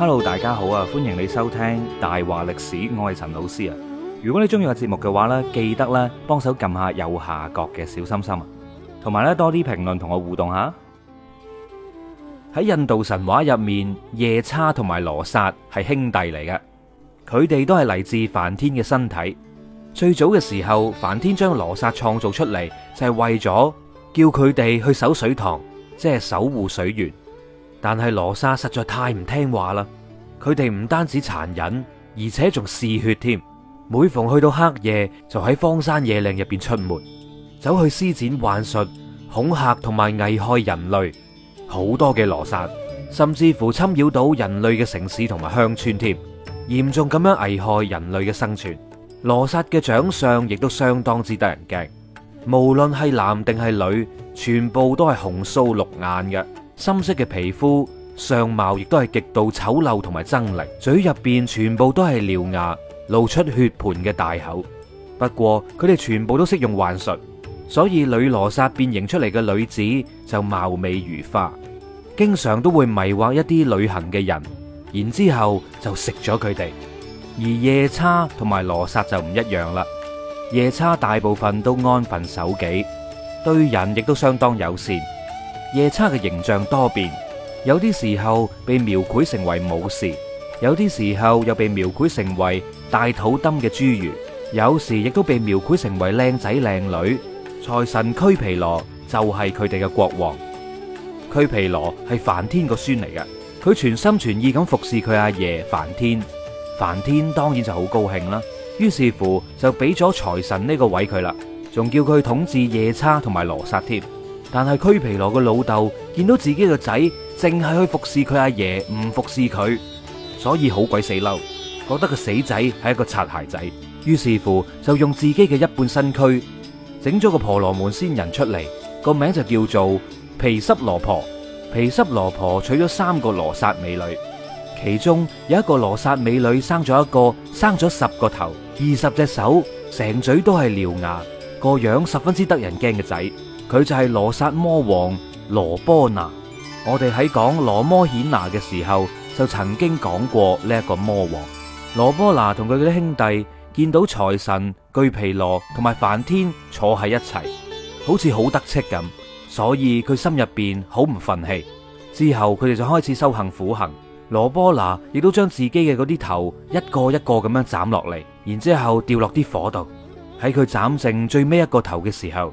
Hello，大家好啊！歡迎你收聽大話歷史，我係陳老師啊。如果你中意個節目嘅話呢，記得咧，幫手撳下右下角嘅小心心啊，同埋咧，多啲評論同我互動下。喺印度神話入面，夜叉同埋羅剎係兄弟嚟嘅，佢哋都係嚟自梵天嘅身體。最早嘅時候，梵天將羅剎創造出嚟，就係為咗叫佢哋去守水塘，即係守護水源。但係羅刹實在太唔聽話啦，佢哋唔單止殘忍，而且仲嗜血添。每逢去到黑夜，就喺荒山野嶺入邊出門，走去施展幻術，恐嚇同埋危害人類。好多嘅羅刹，甚至乎侵擾到人類嘅城市同埋鄉村添，嚴重咁樣危害人類嘅生存。羅刹嘅長相亦都相當之得人驚，無論係男定係女，全部都係紅鬚綠眼嘅。深色嘅皮膚，相貌亦都係極度醜陋同埋猙獰，嘴入邊全部都係獠牙，露出血盆嘅大口。不過佢哋全部都識用幻術，所以女羅剎變形出嚟嘅女子就貌美如花，經常都會迷惑一啲旅行嘅人，然之後就食咗佢哋。而夜叉同埋羅剎就唔一樣啦，夜叉大部分都安分守己，對人亦都相當友善。夜叉嘅形象多變，有啲時候被描繪成為武士，有啲時候又被描繪成為大肚燈嘅侏儒，有時亦都被描繪成為靚仔靚女。財神俱毗羅就係佢哋嘅國王。俱毗羅係梵天個孫嚟嘅，佢全心全意咁服侍佢阿爺梵天，梵天當然就好高興啦，於是乎就俾咗財神呢個位佢啦，仲叫佢統治夜叉同埋羅剎添。但係驅皮羅嘅老豆見到自己個仔淨係去服侍佢阿爺，唔服侍佢，所以好鬼死嬲，覺得個死仔係一個擦鞋仔，於是乎就用自己嘅一半身軀整咗個婆羅門仙人出嚟，個名就叫做皮濕羅婆。皮濕羅婆娶咗三個羅剎美女，其中有一個羅剎美女生咗一個，生咗十個頭、二十隻手，成嘴都係獠牙，個樣十分之得人驚嘅仔。佢就係羅刹魔王羅波那。我哋喺講羅摩衍那嘅時候就曾經講過呢一個魔王羅波那同佢嗰啲兄弟見到財神巨皮羅同埋梵天坐喺一齊，好似好得戚咁，所以佢心入邊好唔忿氣。之後佢哋就開始修行苦行，羅波那亦都將自己嘅嗰啲頭一個一個咁樣斬落嚟，然之後掉落啲火度。喺佢斬剩最尾一個頭嘅時候。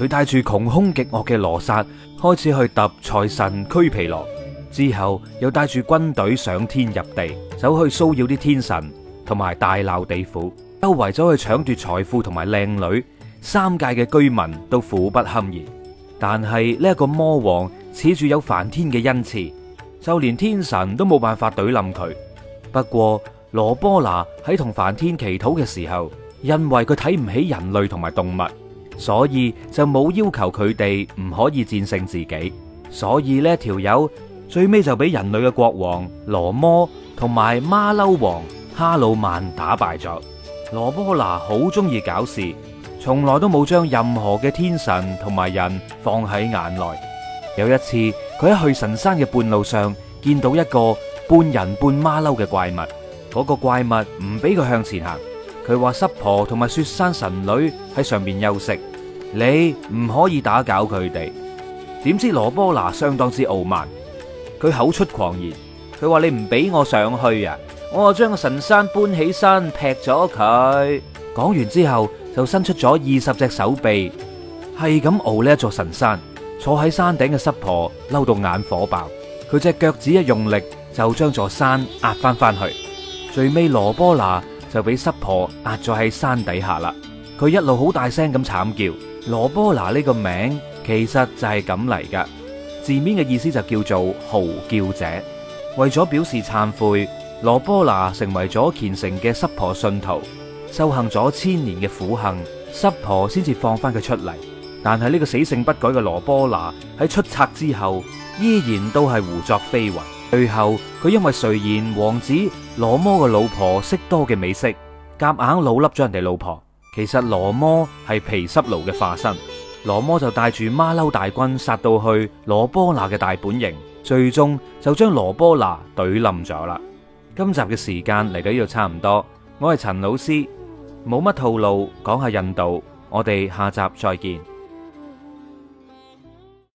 佢帶住窮兇極惡嘅羅剎，開始去揼財神區皮羅，之後又帶住軍隊上天入地，走去騷擾啲天神，同埋大鬧地府，都為咗去搶奪財富同埋靚女，三界嘅居民都苦不堪言。但係呢一個魔王恃住有梵天嘅恩賜，就連天神都冇辦法懟冧佢。不過羅波那喺同梵天祈禱嘅時候，因為佢睇唔起人類同埋動物。所以就冇要求佢哋唔可以戰勝自己，所以呢條友、這個、最尾就俾人類嘅國王羅摩同埋馬騮王哈魯曼打敗咗。羅波拿好中意搞事，從來都冇將任何嘅天神同埋人放喺眼內。有一次，佢喺去神山嘅半路上見到一個半人半馬騮嘅怪物，嗰、那個怪物唔俾佢向前行，佢話濕婆同埋雪山神女喺上面休息。你唔可以打攪佢哋。點知羅波拿相當之傲慢，佢口出狂言，佢話，你唔俾我上去啊，我就將神山搬起身劈咗佢。講完之後就伸出咗二十隻手臂，係咁傲呢一座神山。坐喺山頂嘅濕婆嬲到眼火爆，佢隻腳趾一用力就將座山壓翻翻去。最尾羅波拿就俾濕婆壓咗喺山底下啦。佢一路好大聲咁慘叫。羅波拿呢個名其實就係咁嚟㗎，字面嘅意思就叫做嚎叫者。為咗表示懺悔，羅波拿成為咗虔誠嘅濕婆信徒，受行咗千年嘅苦行，濕婆先至放翻佢出嚟。但係呢個死性不改嘅羅波拿喺出賊之後，依然都係胡作非為。最後佢因為垂涎王子羅摩嘅老婆悉多嘅美色，夾硬，硬老笠咗人哋老婆。其實羅摩係皮濕奴嘅化身，羅摩就帶住馬騮大軍殺到去羅波那嘅大本營，最終就將羅波那懟冧咗啦。今集嘅時間嚟到呢度差唔多，我係陳老師，冇乜套路講下印度，我哋下集再見。